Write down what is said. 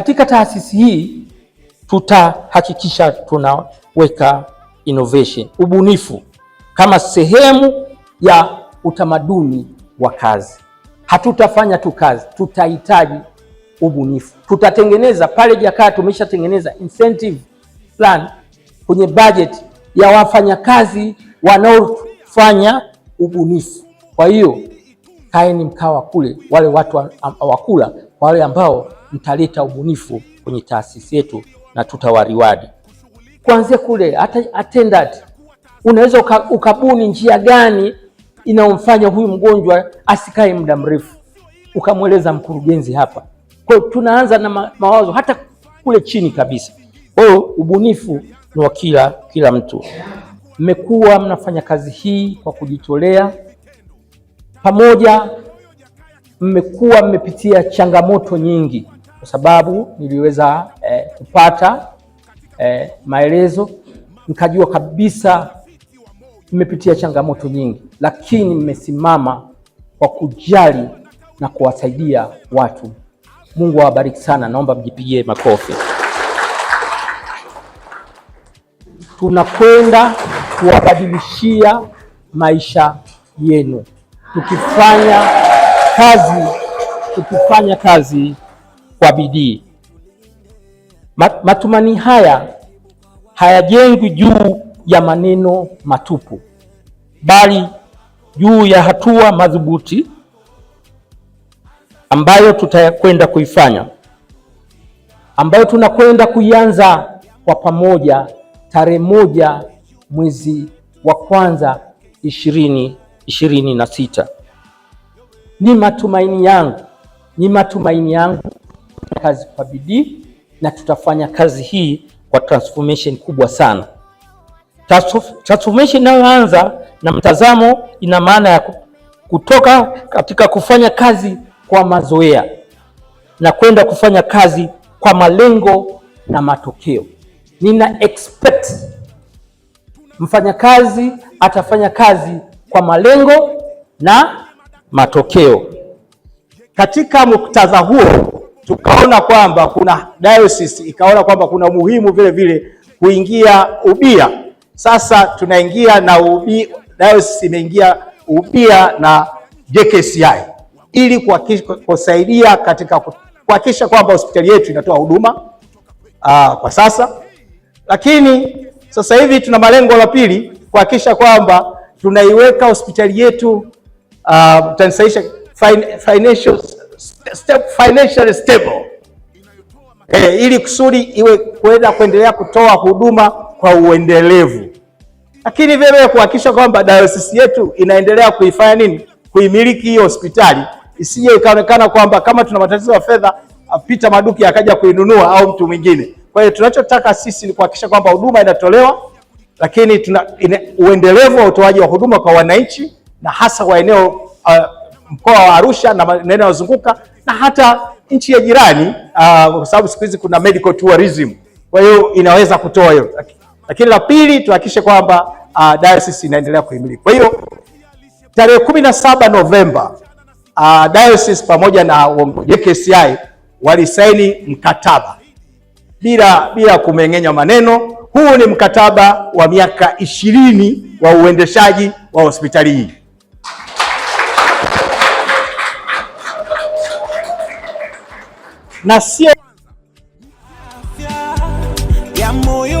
katika taasisi hii tutahakikisha tunaweka innovation, ubunifu kama sehemu ya utamaduni wa kazi. Hatutafanya tu kazi, tutahitaji ubunifu. Tutatengeneza pale Jakaya, tumeshatengeneza incentive plan kwenye budget ya wafanyakazi wanaofanya ubunifu. Kwa hiyo kaeni mkaa wakule wale watu wakula wale ambao mtaleta ubunifu kwenye taasisi yetu na tutawariwadi kuanzia kule hata attendant. Unaweza ukabuni njia gani inayomfanya huyu mgonjwa asikae muda mrefu, ukamweleza mkurugenzi hapa. Kwa tunaanza na ma mawazo hata kule chini kabisa. Kwa ubunifu ni wa kila kila mtu. Mmekuwa mnafanya kazi hii kwa kujitolea pamoja mmekuwa mmepitia changamoto nyingi, kwa sababu niliweza eh, kupata eh, maelezo nikajua kabisa mmepitia changamoto nyingi, lakini mmesimama kwa kujali na kuwasaidia watu. Mungu awabariki sana, naomba mjipigie makofi. Tunakwenda kuwabadilishia maisha yenu tukifanya kazi, tukifanya kazi kwa bidii. Matumani haya hayajengwi juu ya maneno matupu, bali juu ya hatua madhubuti ambayo tutakwenda kuifanya, ambayo tunakwenda kuianza kwa pamoja tarehe moja mwezi wa kwanza ishirini ishirini na sita. Ni matumaini yangu, ni matumaini yangu kazi kwa bidii na tutafanya kazi hii kwa transformation kubwa sana. Transformation inayoanza na mtazamo ina maana ya kutoka katika kufanya kazi kwa mazoea na kwenda kufanya kazi kwa malengo na matokeo. Nina expect mfanyakazi atafanya kazi kwa malengo na matokeo. Katika muktadha huo, tukaona kwamba kuna diocese ikaona kwamba kuna umuhimu vile vile kuingia ubia. Sasa tunaingia na ubi, diocese imeingia ubia na JKCI ili kusaidia katika kuhakikisha kwamba hospitali yetu inatoa huduma aa, ah, kwa sasa. Lakini sasa hivi tuna malengo la pili kuhakikisha kwamba tunaiweka hospitali yetu uh, financial step, stable eh, ili kusudi iwe kuenda kuendelea kutoa huduma kwa uendelevu, lakini vile kuhakikisha kwamba dayosisi yetu inaendelea kuifanya nini, kuimiliki hiyo hospitali isije ikaonekana kwamba kama tuna matatizo ya fedha apita Maduki akaja kuinunua au mtu mwingine. Kwa hiyo tunachotaka sisi ni kuhakikisha kwamba huduma inatolewa lakini tuna uendelevu wa utoaji wa huduma kwa wananchi na hasa wa eneo uh, mkoa wa Arusha na maeneo yanayozunguka na hata nchi ya jirani uh, kwa sababu siku hizi kuna medical tourism, kwa hiyo inaweza kutoa hiyo. Lakini la pili tuhakikishe kwamba uh, diocese inaendelea kuhimilika. Kwa hiyo tarehe kumi na saba Novemba uh, diocese pamoja na JKCI walisaini mkataba bila bila kumeng'enya maneno huu ni mkataba wa miaka ishirini wa uendeshaji wa hospitali hii. na sio ya moyo